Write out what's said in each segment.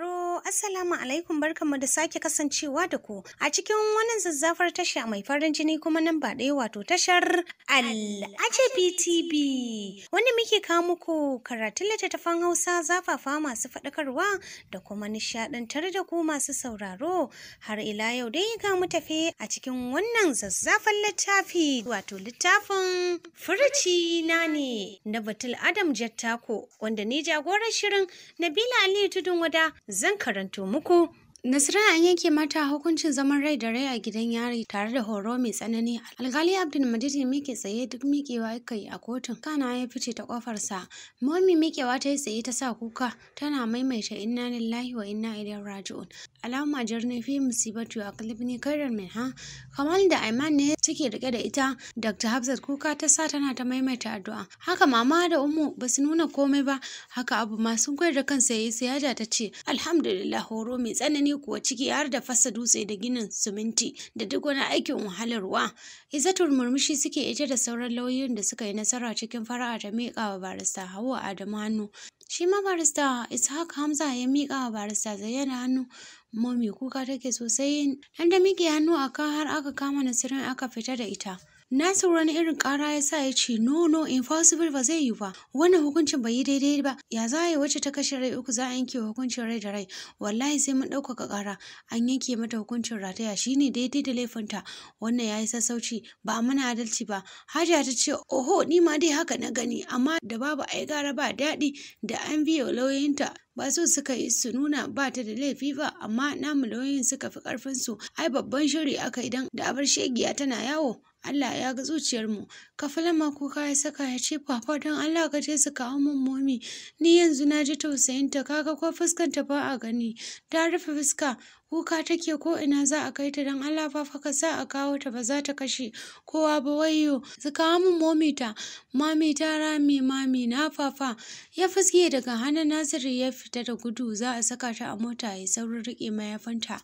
rô Assalamu alaikum barkanmu da sake kasancewa da ku a cikin wannan zazzafar tasha mai farin jini kuma nan ba ɗaya wato tashar Al'ajabi TV wanda muke kawo muku karatun littattafan Hausa zafafa masu faɗakarwa da kuma nishaɗantar da ku masu sauraro har ila yau dai ga mu tafe a cikin wannan zazzafan littafi wato littafin furuci na ne na Batul Adam Jattako wanda ni jagoran shirin Nabila Aliyu Tudun Wada zan karanta karanto muku Nasira an yanke mata hukuncin zaman rai da rai a gidan yari tare da horo mai tsanani. Alkali Abdul ya mike tsaye duk mikewa yake yi a kotun. Kana ya fice ta kofarsa. mami mikewa ta yi tsaye ta sa kuka tana maimaita inna lillahi wa inna ilaihi raji'un. Alama jirni fi musibatu a kalibni kairar min ha. Kamal da Aiman ne take rike da ita. Dr. Hafsat kuka ta sa tana ta maimaita addu'a. Haka mama da Ummu ba su nuna komai ba. Haka abu ma sun koyar da kansa yayi sai ta ce alhamdulillah horo mai tsanani kuwa ciki har da fasa dutse da ginin siminti da duk wani aikin wahalarwa. Izzatul murmushi suke ita da sauran lauyoyin da suka yi nasara cikin fara'a ta miƙawa barista Hauwa Adamu hannu. Shi ma barista Ishaq Hamza ya miƙa wa barista Zayyana hannu momi kuka take sosai. Dan da miƙe hannu a kan har aka kama Nasirin aka fita da ita. Nasir wani irin ƙara ya sa ya ce no no impossible ba zai yi ba wannan hukuncin bai yi daidai ba ya za yi wacce ta kashe rai uku za a yanke hukuncin rai da rai wallahi sai mun ɗaukaka ƙara an yanke mata hukuncin rataya shine daidai da laifinta wannan ya yi sassauci ba a mana adalci ba hajiya ta ce oho ni ma dai haka na gani amma da babu ai gara ba daɗi da an biya lauyinta ba su suka yi su nuna ba ta da laifi ba amma namu lauyoyin suka fi ƙarfinsu ai babban shiri aka idan da abar shegiya tana yawo Allah ya ga zuciyarmu. Kafalama kuka ya saka ya ce papa don Allah ka je su kawo min momi. Ni yanzu na ji tausayinta kaga ko fuskanta ba a gani. Ta rufe fuska kuka take ko ina za a kai ta don Allah fa faka sa a kawo ta ba za ta kashe kowa ba wayyo su mun min momi ta mami ta rami mami na fafa ya fuske daga hannun Nasiru ya fita da gudu za a saka ta a mota ya saurin rike mayafanta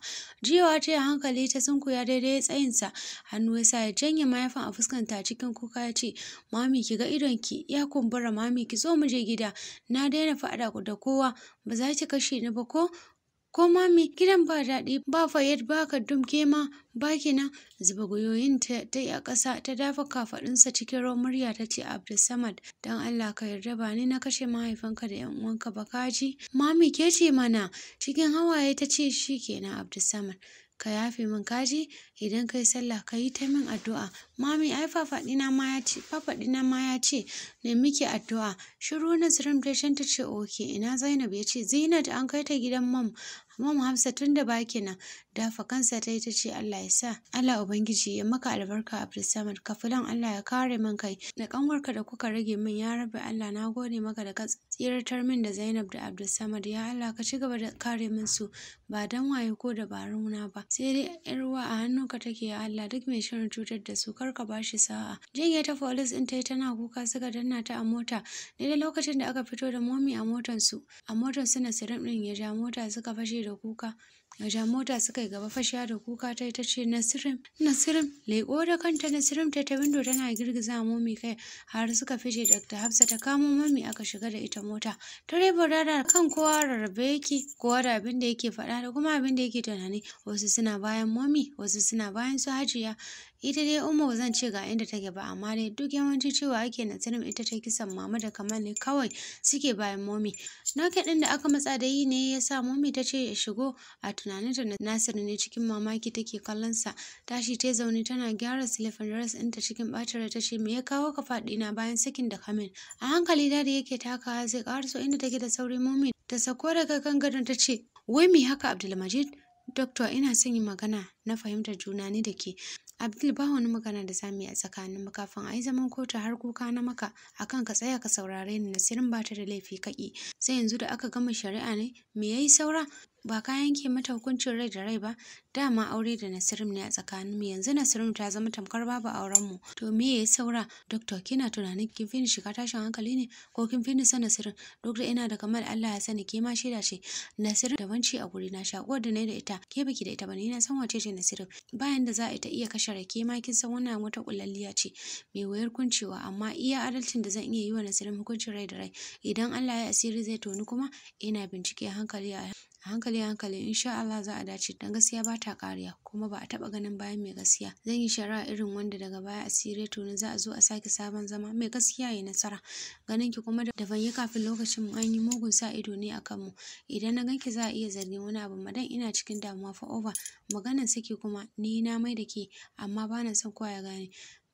jiwa ta hankali ta ya daidai tsayinsa hannu ya sa ya janye mayafin a fuskanta cikin kuka ya ce mami ki ga ki ya kumbura mami ki zo mu je gida na daina faɗa da kowa ba za ki kashe ni ba ko Ko mami gidan ba daɗi ba fayyad ba ka dumke ma ba na zuba gwiwoyin ta yi a ƙasa ta dafa kafaɗinsa cikin ruwan murya ta ce Abdulsamad Don Allah ka yarda ba ni na kashe mahaifinka da yan uwanka ba kaji mami ke ce mana cikin hawaye ta ce shi na Abdulsamad ka yafe min kaji idan kai sallah ka yi ta min addu'a mami ai fafaɗina ma ma ya ce ne miki addu'a shiru Nazrin bishin ta ce oke ina Zainab ya ce Zainab an kai ta gidan mam mam Hamsa tun da baki nan dafa kansa ta yi ta ce Allah ya sa Allah ubangiji ya maka albarka Abdulsamad fulan Allah ya kare min kai da kanwarka da kuka rage min ya rabe Allah na gode maka da ka tsiratar min da Zainab da Abdulsamad ya Allah ka ci gaba da kare min su ba dan waye ko dabarun na ba sai dai yan ruwa a ka take ya Allah duk mai shirin cutar da su kar ka bashi sa'a jinya ta police din tai tana kuka suka dan danna ta a mota da lokacin da aka fito da momi a motar su a motar su na sirim din ya ja mota suka fashe da kuka ya ja mota suka yi gaba fashiya da kuka ta ita ce na nasirim leƙo da kanta nasirim ta ta windo tana girgiza momi kai har suka fice da hafsa ta kamo momi aka shiga da ita mota da da kan kowa rarrabe yake kowa da abin da yake faɗa da kuma abin da yake tunani wasu suna bayan momi wasu suna bayan su hajiya Ita dai Umma ba zan ce ga inda take ba amma dai duk yawanci cewa ake na sanin ita ta kisan mama da kamal ne kawai suke bayan momi. Naka ɗin da aka matsa da yi ne ya sa momi ta ce ya shigo a tunaninta da Nasir ne cikin mamaki take kallon sa. Tashi ta zaune tana gyara silifin ras ɗinta cikin ɓacin ta ce me ya kawo ka na bayan sakin da kamin. A hankali da yake takawa zai ƙaraso inda take da sauri momi ta sako daga kan gadon ta ce wai me haka Abdulmajid? Dokta ina son yin magana na fahimtar juna ne da ke abdul ba wani magana da zamu yi a tsakanin mu kafin a yi zaman kotu har kuka na maka akan ka tsaya ka saurare ni nasirin ba ta da laifi kaki sai yanzu da aka gama shari'a ne me yayi saura ba ka yanke mata hukuncin rai da rai ba dama aure da nasirim ne a tsakanin mu yanzu nasirim ta zama tamkar babu auren mu to me yayi saura doctor kina tunanin kin fi ni shiga tashin hankali ne ko kin fi ni san nasirin duk da ina da kamar Allah ya sani ke ma shaida ce nasirim da banci a guri na shakuwar da nayi da ita ke baki da ita ba ni na san wace ce bayan da za a ta iya kashe rake ma kin san wannan wata kullalliya ce mai wayar kuncewa amma iya adalcin da zan iya yi wa nasirin hukuncin rai da rai idan Allah ya asiri zai toni kuma ina bincike hankali a a hankali hankali insha Allah za a dace dan gaskiya ba ta ƙariya kuma ba a taɓa ganin bayan mai gaskiya zan yi shari'a irin wanda daga baya asiri to ne za a zo a sake sabon zama mai gaskiya ya nasara ganin ki kuma da ban yi kafin lokacin mu an yi mugun sa ido ne a mu idan na ganki za a iya zargin wani abu madan ina cikin damuwa fa over maganan saki kuma ni na mai da ke amma ba na son kowa ya gane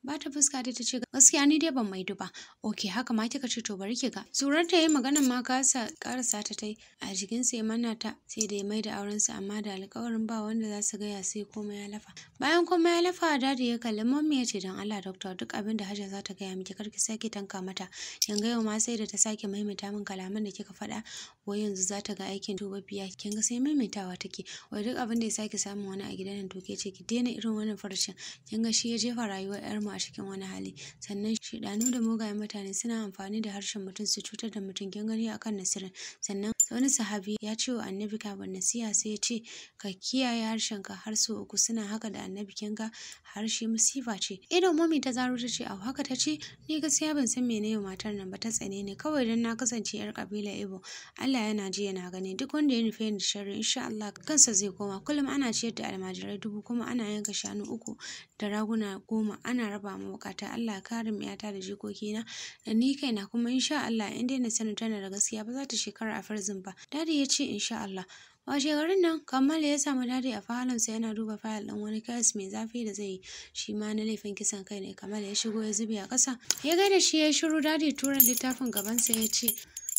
ba ta fuska da ta ce gaskiya ni dai ban maido ba ok haka ma kika ce to bari ki ga surar ta yi magana ma kasa karasa ta tai a jikin sai mana ta sai da ya maida auren sa amma da alƙawarin ba wanda za su gaya sai komai ya lafa bayan komai ya lafa dadi ya kalli mommy ce dan Allah doctor duk abin da haja za ta gaya miki kar ki sake tanka mata yanga yau ma sai da ta sake maimaita min kalaman da kika faɗa wai yanzu za ta ga aikin duba biya kin ga sai maimaitawa take wai duk abin da ya sake samun wani a gidan nan to ke ce ki daina irin wannan farashin. kin ga shi ya jefa rayuwar yar a cikin wani hali sannan shidanu da mugayen mutane suna amfani da harshen mutum su cutar da mutum kin gani akan nasirin sannan wani sahabi ya ce wa annabi kafin nasiha sai ya ce ka kiyaye harshenka har sau uku suna haka da annabi kin ga harshe musifa ce idan mami ta zaro ta ce a haka ta ce ni gaskiya ban san mene matar nan ba ta tsane ne kawai dan na kasance yar kabila ibo Allah yana ji yana gani duk wanda ya nufe ni da sharri insha Allah kansa zai koma kullum ana ciyar da almajirai dubu kuma ana yanka shanu uku da raguna goma ana raba Ba mu bukata Allah Karin mu yata da na, da ni kaina kuma insha Allah in dai na sani tana da gaskiya ba za ta shekara a farzin ba dadi ya ce insha Allah washe garin nan kammala ya samu dadi a sa yana duba fayil ɗin wani kayas mai zafi da zai yi shi ma na laifin kisan kai ne kammala ya shigo ya zube a ƙasa ya gaida shi ya shiru dadi tura littafin gabansa ya ce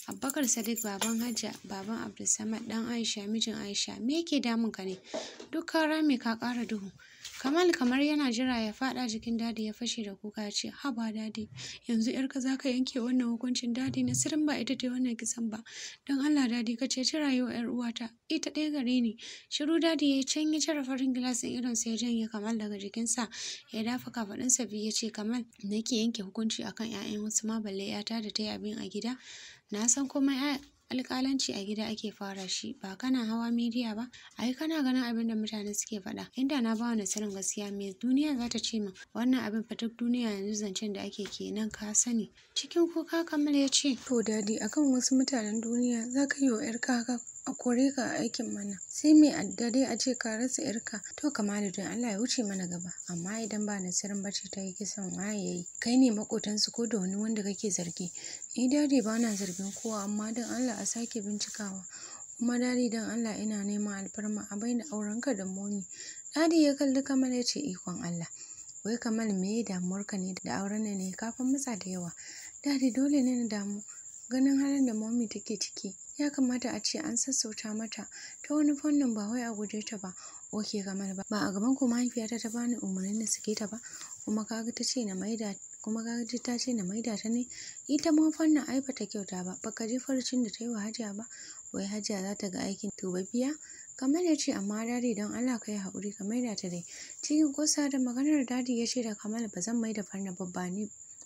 Abubakar Sadiq baban Hajja baban Abdulsamad dan Aisha mijin Aisha me yake damun ka ne duk ka rame ka ƙara duhu Kamal kamar yana jira ya faɗa jikin dadi ya fashe da kuka ya ce haba dadi yanzu yarka za ka yanke wannan hukuncin dadi na sirin ba ita ta wannan kisan ba don Allah dadi ka ceci rayuwar yar uwata ita ɗaya gare ni shiru dadi ya can ya cire farin gilasin idon sa ya janye Kamal daga jikinsa ya dafa kafaɗinsa biyu ya ce Kamal nake yanke hukunci akan 'ya'yan wasu ma balle 'yata da ta yi abin a gida na san komai alƙalanci a gida ake fara shi ba kana hawa midiya ba ai kana ganin abin da mutane suke faɗa inda na bawa nasarar gaskiya me duniya za ta ce min wannan abin fa duk duniya yanzu zancen da ake kenan ka sani cikin kuka kamar ya ce to dadi akan wasu mutanen duniya za ka yi wa 'yarka kaka a kore ka a aikin mana sai mai addare a ce ka rasa irka to kamalu don Allah ya wuce mana gaba amma idan ba sirin bace ta yi kisan waye yi. kai ne makotansu ko da wani wanda kake zargi ni dadi ba na zargin kowa amma don Allah a sake bincikawa kuma dadi don Allah ina neman alfarma a auren aurenka da momi. dadi ya kalli kamar ya ce ikon Allah wai kamal me damuwarka ne da auren ne kafin matsa da yawa dadi dole ne na damu ganin halin da momi take ciki ya kamata a ce an sassauta mata ta wani fannin ba wai a guje ta ba oke kamar ba ba a gaban ku mahaifiyata ta bani umarnin da suke ta ba kuma kaga ta ce na maida kuma kaga ta ce na maida ta ne ita ma fannin ai ta kyauta ba baka ji farcin da ta yi wa hajiya ba wai hajiya za ta ga aikin biya. kamar ya ce amma dadi don Allah ka yi haƙuri ka maida ta dai cikin kosa da maganar dadi ya ce da kamal ba zan mai da farna babba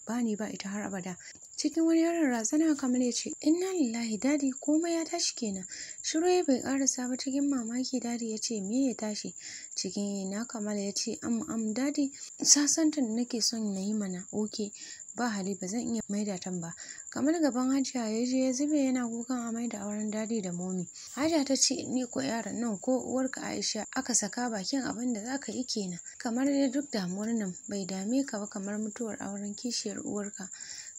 ba ni ba ita har abada cikin wani yaron razana kamar ya ce inna lillahi dadi komai ya tashi kenan shiru bai karasa ba cikin mamaki dadi ya ce me ya tashi cikin na kamal ya ce am am dadi sasantan da nake son na yi mana oke ba hali ba zan iya maida tan ba kamar gaban hajiya ya je ya zube yana kukan a maida auren dadi da momi hajiya ta ce ni ko yaron nan ko uwarka aisha aka saka bakin abin da zaka yi kenan kamar dai duk damuwar nan bai dame ka ba kamar mutuwar auren kishiyar uwarka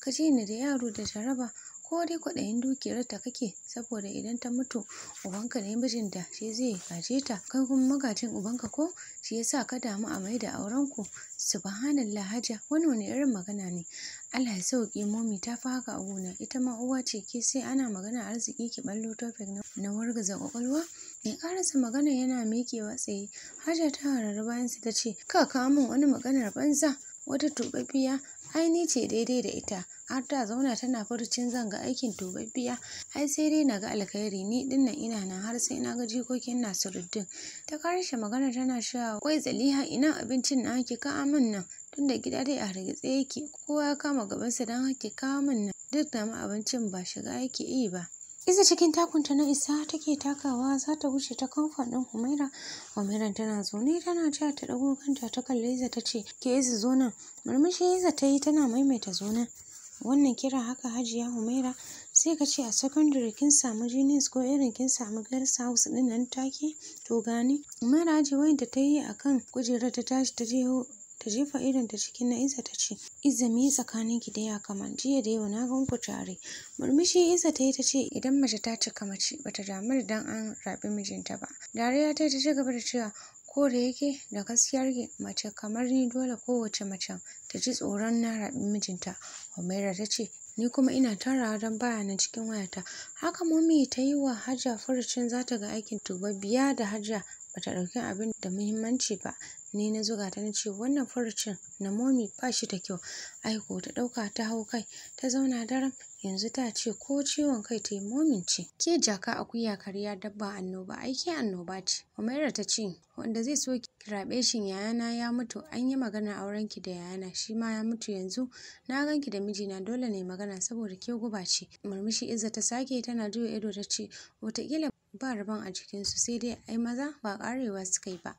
ka ji ni da yaro da jaraba ko dai kwaɗayin dukiyar ta kake saboda idan ta mutu ubanka ne mijinta shi zai gaje ta kai kuma magajin ubanka ko shi yasa ka damu a mai da auren ku subhanallah haja wani wani irin magana ne Allah ya sauke momi ta fi haka a gona ita ma uwa ce ke sai ana magana arziki ki ballo topic na wargaza kwakwalwa mai karasa magana yana miƙewa tsaye haja ta hararra bayansa ta ce ka kawo min wani maganar banza wata tuɓaɓɓiya ai ni ce daidai da ita har ta zauna tana zan ga aikin tubabbiya ai sai dai na ga alkhairi ni dinnan ina nan har sai na ga jikokin nasiruddin ta karshe magana tana sha kai zaliha ina abincin na ki ka min nan tunda gida dai a hargitse yake kowa ya kama gabansa don haki ka min nan duk da ma abincin ba shiga yake yi ba Isa cikin takunta na isa take takawa za ta wuce ta kamfan din Humaira. Humaira tana zaune tana ja ta dago kanta ta kalle Isa ta ce, Ke Isa zo nan. Murmushi Isa ta yi tana maimaita zo nan. wannan kiran haka hajiya humaira sai ka ce a sakandare kin samu genius ko irin kin samu girls house din nan take to gani humaira haji wai da ta yi a kan kujerar ta tashi ta je ta jefa irin ta cikin na isa ta ce, Iza me tsakanin ki da ya kaman jiya da yau na gan ku tare. Murmushi isa ta yi ta ce idan mace ta cika mace bata damu da dan an rabi mijinta ba. Dariya ta yi ta ci gaba da cewa ko da yake da gaskiyar mace kamar ni dole kowace mace ta ji tsoron na rabin mijinta Humaira ta ce ni kuma ina tarawa don baya nan cikin wayata haka mummy ta yi wa Hajiya furucin za ta ga aikin tubabiya da Hajiya ba ta ɗauki abin da muhimmanci ba Ni na zuga ta na ce wannan furucin na momi ba shi da kyau. Ai ko ta ɗauka ta hau kai ta zauna daram yanzu ta ce ko ciwon kai ta yi momin ce. Ke jaka akuya karya dabba annoba aiki ke annoba ce. yadda ta ce wanda zai so ki raɓe shin yayana ya mutu an yi auren aurenki da yayana shi ma ya mutu yanzu na ganki da mijina dole ne magana saboda ke guba ce. Murmushi Izza ta sake tana juya ido ta ce wataƙila ba rabon a jikinsu sai dai ai maza ba ƙarewa suka yi ba.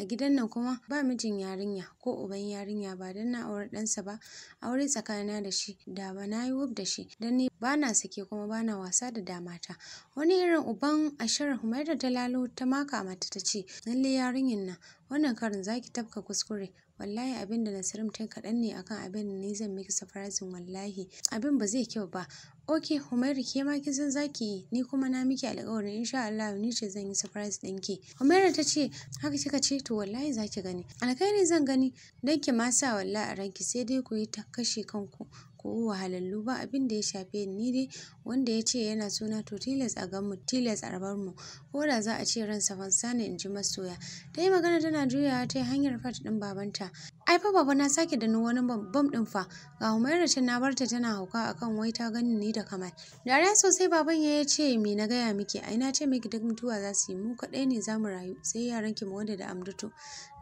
A gidan nan kuma ba mijin yarinya ko uban yarinya ba dan na auri ɗansa ba aure tsakanina da shi da ba na yi wuf da shi dan ni ba na sake kuma ba na wasa da damata. Wani irin uban ashirin Humaira ta lalo ta maka mata ta ce lalle yarinyan nan wannan karin zaki tafka kuskure Wallahi abin da Nasirim ta kaɗan ne akan abin da zan miki surprising wallahi. Abin ba zai kyau ba. Ok, Humairu ke ma kin san zaki yi, ni kuma na miki alƙawarin insha Allah ni ce zan yi surprise ki Humairu ta ce, haka kika ce to wallahi za ki gani. Alkhairi zan gani, dan ki ma sa wallahi a ranki sai dai ku yi ta kashe kanku. ko wahalallu ba abin da ya shafe ni dai wanda ya ce yana suna to tilas a mu tilas a rabar mu ko da za a ce ransa fansane in ji masoya ta yi magana tana juyawa ta hanyar fat din babanta ai fa baba na sake da wani bam ɗin fa ga humaira can na barta tana hauka akan wai ta gani ni da da dariya sosai baban ya ce me na gaya miki ai na ce miki duk mutuwa za su yi mu kaɗai ne za mu rayu sai yaran ki wanda da amdutu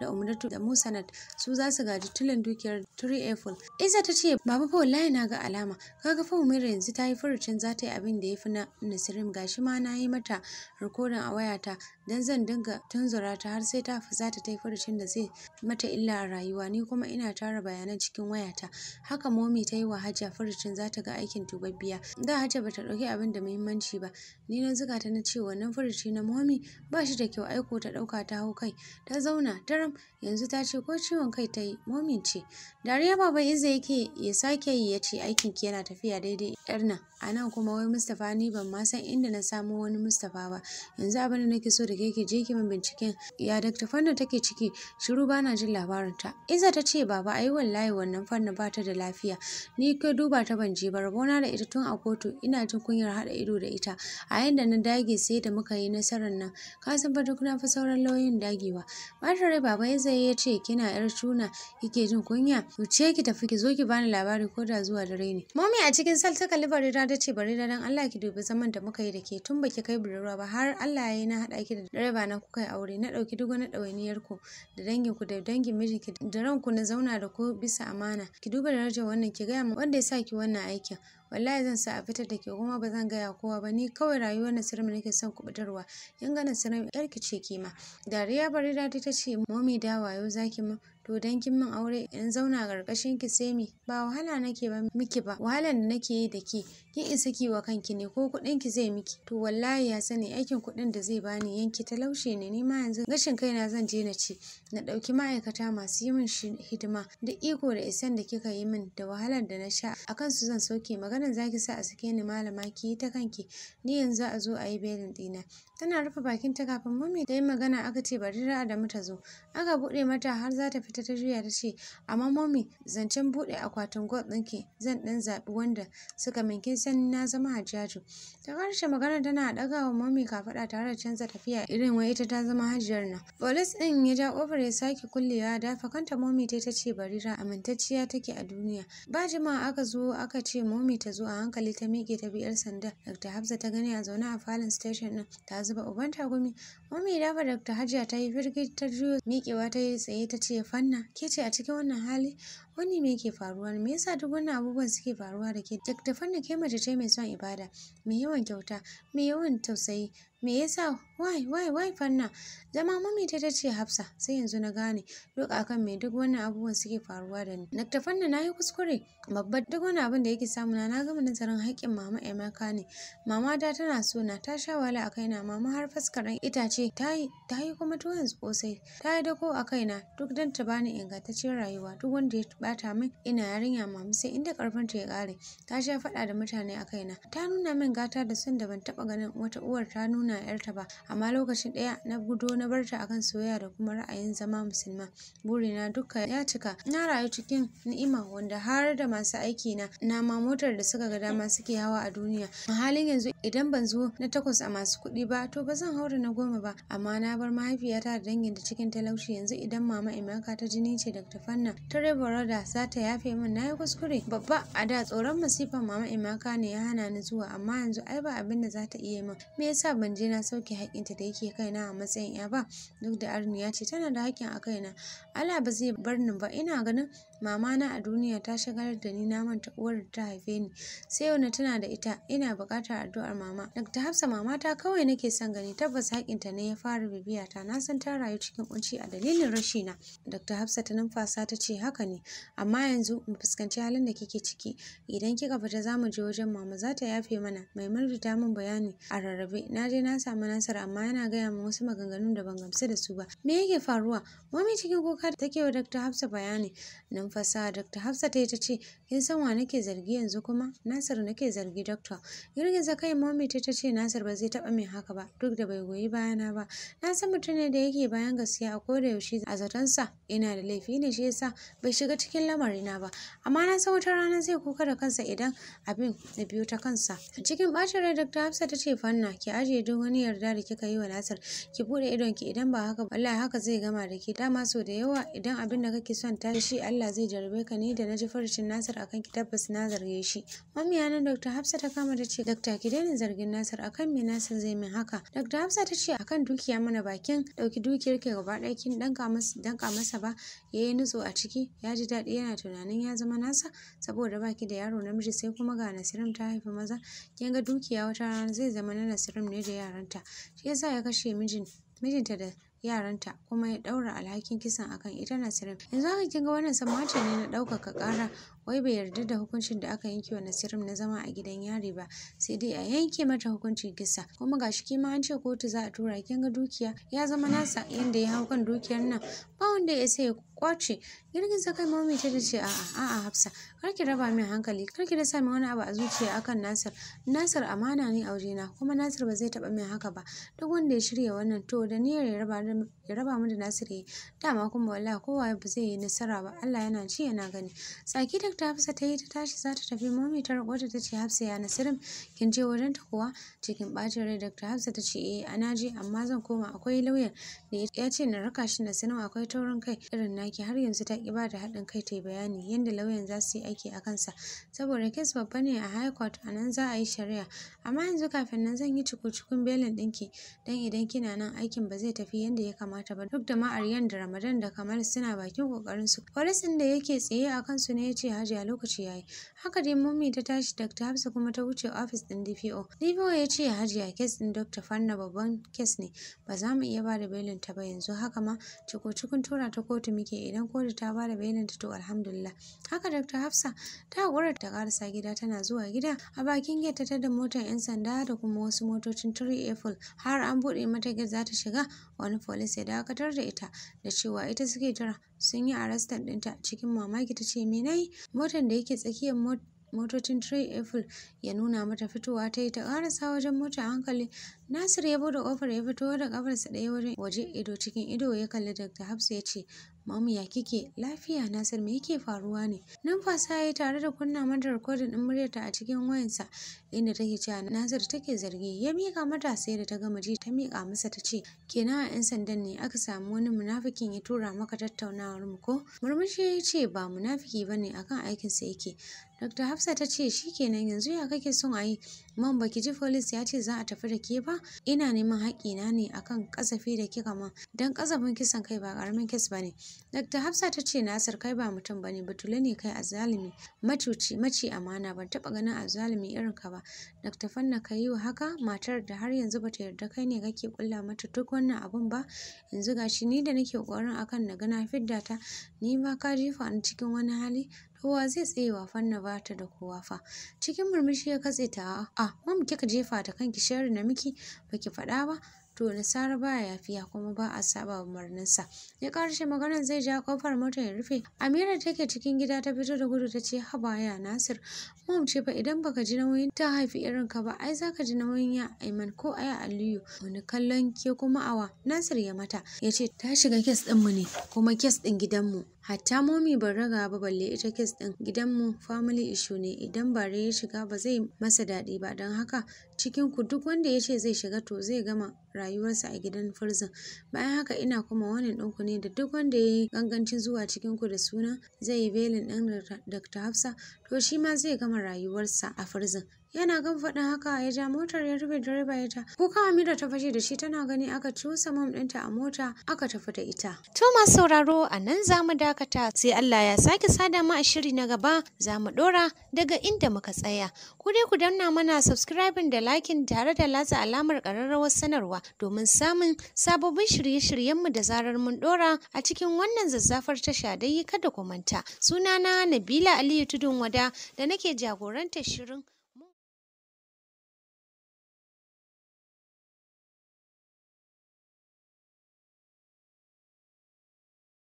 da umdutu da musanat su za su gaji tulin dukiyar turi eiffel isa ta ce baba fa wallahi na ga alama kaga fa humaira yanzu ta yi furucin za ta yi abin da ya fi na nasirim gashi ma na yi mata rikodin a wayata dan zan dinga tunzura ta har sai ta fusata ta yi furucin da zai mata illa a rayuwa ni kuma ina tara bayanan cikin wayata haka momi ta yi wa hajja furucin za ta ga aikin tubabbiya da hajja bata ɗauki abin da muhimmanci ba ni na zuga ta na ce wannan furuci na momi ba shi da kyau aiko ta ɗauka ta hau kai ta zauna daram yanzu ta ce ko ciwon kai ta yi momin ce dariya baba iza yake ya sake yi ya ce aikin ki yana tafiya daidai yar nan a kuma wai mustapha ni ban ma san inda na samo wani mustapha ba yanzu abin da nake so da bige ki je ki min binciken ya Dr. Fanna take ciki shiru bana jin labarin ta. Iza ta ce baba ai wallahi wannan Fanna ba ta da lafiya. Ni kai duba ta ban je ba rabona da ita tun a kotu ina jin kunyar hada ido da ita. A yanda na dage sai da muka yi nasarar nan. Ka san ba duk na fi sauran lauyoyin dagewa. Matar rai baba Iza ya ce kina yar cuna kike jin kunya. Wuce ki tafi ki zo ki bani labari ko da zuwa dare ne. Mami a cikin sal ta kalli Barira ta ce da dan Allah ki dubi zaman da muka yi da ke tun baki kai budurwa ba har Allah ya yi na hada ki da da direba na kuka yi aure na ɗauki duk wani ɗawainiyar ku da dangin ku da dangin mijinki da ranku na zauna da ku bisa amana ki duba darajar wannan ki gaya min wanda ya sa ki wannan aikin wallahi zan sa a fitar da ke kuma ba zan gaya kowa ba ni kawai rayuwar Nasiru nake son kubutarwa in ga Nasiru yar ki ce kima dariya dadi ta ce momi da wayo zaki mu to dan kin min aure in zauna karkashin ki sai me ba wahala nake ba miki ba wahalan da nake yi da ke kin isa ki wa kanki ne ko kuɗin ki zai miki to wallahi ya sani aikin kuɗin da zai bani yanki talaushe ne ni ma yanzu gashin kaina zan je na ci na ɗauki ma'aikata masu yi min hidima da iko da isan da kika yi min da wahalar da na sha akan su zan sauke maganar zaki sa a sake ni malama ki yi ta kanki ni yanzu a zo a yi belin ɗina tana rufe bakinta kafin mai ta yi magana aka ce bari ra'a da mata zo aka buɗe mata har za ta fita fita ta juya ta ce, "Amma mommy, zancen buɗe akwatin gold ɗinki zan ɗan zaɓi wanda suka min kin san na zama a hajjaju." Ta karshe maganar tana ɗaga wa momi kafaɗa tare da canza tafiya irin wai ita ta zama hajiyar nan. Polis ɗin ya ja ƙofar ya sake kullewa dafa kanta momi ta ce barira amintacciya take a duniya. Ba jimawa aka zo aka ce momi ta zo a hankali ta miƙe ta bi biyar sanda. Dr. Hafsa ta gani a zaune a falon station ɗin ta zuba uban tagumi. Mommy dafa Dr. Hajiya ta yi firgit ta juyo miƙewa ta yi tsaye ta ce fan Anna, ke ce a cikin wannan hali? Wani me yake faruwa? Me yasa duk wannan abubuwan suke faruwa da ke? Duk da fannin ke mace ce mai son ibada, mai yawan kyauta, mai yawan tausayi, Me yasa? Wai, wai, wai fanna. Zama mami ta ta ce Hafsa, sai yanzu na gane duk akan me duk wannan abubuwan suke faruwa da ni. Nakta fanna na yi kuskure. Babba duk wani abin da yake samu na gama nazarin haƙƙin mama Emeka ne. Mama da tana so na ta sha wahala a kaina mama har faskaran itace ta yi kuma tuwon kosai. Ta yi dako a kaina duk dan ta bani ingantaccen rayuwa duk wanda ya bata min ina yarinya mama sai inda karfinta ya kare. Ta sha faɗa da mutane a kaina. Ta nuna min gata da son da ban taɓa ganin wata uwar ta nuna suna ‘yarta ba, amma lokacin ɗaya na gudo na barta akan soyayya da kuma ra'ayin zama musulma. Burina duka ya cika. Na rayu cikin ni'ima wanda har da masu aiki na na ma motar da suka ga dama suke hawa a duniya. A halin yanzu idan ban zo na takwas a masu kuɗi ba to ba zan haura na goma ba amma na bar mahaifiyata da dangin da cikin talauci yanzu idan mama Emeka ta jini ce da fanna ta Reverada za ta yafe min na yi kuskure babba a da tsoron masifan mama Emeka ne ya hana ni zuwa amma yanzu ai ba abin da za ta iya min me yasa ban je je na sauke haƙƙinta da yake kaina a matsayin ya ba duk da arniya ce tana da haƙƙin a kaina Allah ba zai bar ni ba ina ganin mama na a duniya ta shagalar da ni na manta uwar da ta haife ni sai yau na tana da ita ina buƙatar addu'ar mama Dr. Hafsa mama ta kawai nake son gani tabbas haƙƙinta ne ya fara bibiya ta na san ta rayu cikin ƙunci a dalilin rashi rashina Dr. Hafsa ta numfasa ta ce haka ne amma yanzu mu fuskanci halin da kike ciki idan kika fita za mu je wajen mama za ta yafe mana mai ta min bayani a rarrabe na je na samu nasara amma yana gaya min wasu maganganun da ban gamsu da su ba. Me yake faruwa? Mami cikin kuka da take wa Dr. Hafsa bayani. Nan Dr. Hafsa ta yi ta ce, "Kin san wa nake zargi yanzu kuma? Nasir nake zargi Dr." Girgiza kai Mami ta ce Nasir ba zai taba min haka ba duk da bai goyi bayana ba. Na san mutum ne da yake bayan gaskiya a koda yaushe a sa. ina da laifi ne shi yasa bai shiga cikin lamarina ba. Amma na san wata rana zai kuka da kansa idan abin na biyu ta kansa. Cikin bacin rai Dr. Hafsa ta ce fanna ki ajiye duk wani yarda da kika yi wa Nasir ki bude idon ki idan ba haka wallahi haka zai gama da ki dama so da yawa idan abin da kake son ta shi Allah zai jarabe ka ni da naji farcin Nasir akan ki tabbas na zarge shi mami yana Dr. Hafsa ta kama ta ce Dr. ki daina zargin Nasir akan me Nasir zai min haka Dr. Hafsa ta ce akan dukiya mana bakin dauki dukiyar ki gaba ɗaya kin danka masa danka masa ba yayi nutso a ciki ya ji daɗi yana tunanin ya zama nasa saboda baki da yaro namiji sai kuma ga Nasirim ta haifi maza kin ga dukiya wata rana zai zama na Nasirim ne da yaranta shi yasa ya kashe mijin mijinta da yaranta kuma ya ɗaura alhakin kisan akan ita Nasirin. Yanzu haka kin ga wannan sammace ne na ɗaukaka ƙara wai bai yarda da hukuncin da aka yanke wa Nasirin na zama a gidan yari ba sai dai a yanke mata hukuncin kisa kuma gashi kima an ce kotu za a tura kin ga dukiya ya zama nasa yanda ya hau kan dukiyar nan ba wanda ya sai kwace girgiza kai mami ta ce a'a a'a hafsa kar ki raba min hankali kar ki dasa min wani abu a zuciya akan nasir nasir amana ne a na kuma nasir ba zai taba min haka ba duk wanda ya shirya wannan to da niyyar ya raba ya mu da nasir yayi dama kuma wallahi kowa ba zai yi nasara ba Allah yana ci yana gani tsaki da ta hafsa ta yi ta tashi za ta tafi mami ta rikota ta ce hafsa ya nasirin kin je wajen ta kuwa cikin bacin rai Dr. Hafsa ta ce eh ana je amma zan koma akwai lauyan da ya ce na raka shi nasirin akwai taurin kai irin na naki har yanzu ta ki da haɗin kai ta yi bayani yadda lauyan za su yi aiki a kansa saboda kes babba ne a high court a nan za a yi shari'a amma yanzu kafin nan zan yi cuku belin ɗinki don idan kina nan aikin ba zai tafi yadda ya kamata ba duk da ma Aryan da Ramadan da Kamal suna bakin kokarin su polisin da yake tsaye a kansu ne ya ce Hajiya lokaci ya yi haka dai mummy ta tashi Dr. Hafsa kuma ta wuce ofis ɗin DPO DPO ya ce Hajiya kes ɗin Dr. Fanna babban kes ne ba za mu iya ba da belin ta ba yanzu haka ma cuku tura ta kotu muke take idan kotu ta bada bayananta to alhamdulillah haka dr hafsa ta gura ta karasa gida tana zuwa gida a bakin gate ta tada motar yan sanda da kuma wasu motocin turi apple har an buɗe mata gate za ta shiga wani police ya dakatar da ita da cewa ita suke jira sun yi arrestan ɗinta cikin mamaki ta ce me yi. motar da yake tsakiyar motar motocin Trey Apple ya nuna mata fitowa ta yi ta karasa wajen mota hankali. Nasir ya bude kofar ya fito da kafarsa ɗaya wajen waje ido cikin ido ya kalli Dr. Hafsa ya ce Mamu ya kike lafiya Nasir me yake faruwa ne? Numfasa ya tare da kunna mata rikodin din muryarta a cikin wayansa inda take cewa Nasir take zargi ya mika mata sai da ta gama ji ta mika masa ta ce kenan a 'yan sandan ne aka samu wani munafikin ya tura maka tattaunawar mu ko? Murmushi ya ce ba munafiki bane akan aikinsa yake Dr. Hafsa ta ce shi kenan yanzu ya kake son a yi man baki ji folis ya ce za a tafi da ke ba ina neman haƙƙina ne akan kasafi da kika man don kasafin kisan kai ba karamin kes ne? Dr. Hafsa ta ce Nasir kai ba mutum ba ne batule ne kai azalimi matuci mace amana ban taɓa ganin azalimi irin ka ba. Dr. Fanna ka yi haka matar da har yanzu bata yarda kai ne kake kulla mata duk wannan abun ba yanzu gashi ni da nake ƙoƙarin akan na gana na fidda ta ni ma ka jefa ni cikin wani hali kowa zai tsaye wa fanna ba ta da kowa fa. Cikin murmushi ya katse ta a mam kika jefa ta kanki sharri na miki baki faɗa ba. To Nasara baya yafiya kuma ba a saba umarninsa. Ya karshe maganar zai ja kofar mota ya rufe. Amira take cikin gida ta fito da gudu ta ce haba ya Nasir. Mom ce fa idan baka ji nauyin ta haifi irin ka ba ai zaka ji nauyin ya Aiman ko aya Aliyu. Wani kallon ke kuma awa Nasir ya mata ya ce ta shiga kes mu ne kuma kes ɗin gidanmu. hatta momi ban raga ba balle ita kes din gidanmu family issue ne idan bare ya shiga ba zai masa daɗi ba don haka cikin ku duk wanda ya ce zai shiga to zai gama rayuwarsa a gidan farzan bayan haka ina kuma wani ɗinku ne da duk wanda ya yi gangancin zuwa cikin ku da suna zai yi belin ɗan dr hafsa to shi ma zai gama rayuwarsa a farzan yana gan faɗin haka ya ja motar ya rufe direba ya ja kuka amira ta fashe da shi tana gani aka cusa mom ɗinta a mota aka tafi da ita to masu sauraro a nan za mu dakata sai Allah ya sake sada mu a shiri na gaba za mu ɗora daga inda muka tsaya ku dai ku danna mana subscribing da liking tare da latsa alamar ƙararrawar sanarwa domin samun sababbin shirye-shiryenmu da zarar mun ɗora a cikin wannan zazzafar tasha dai kada ku manta sunana Nabila Aliyu Tudun Wada da nake jagorantar shirin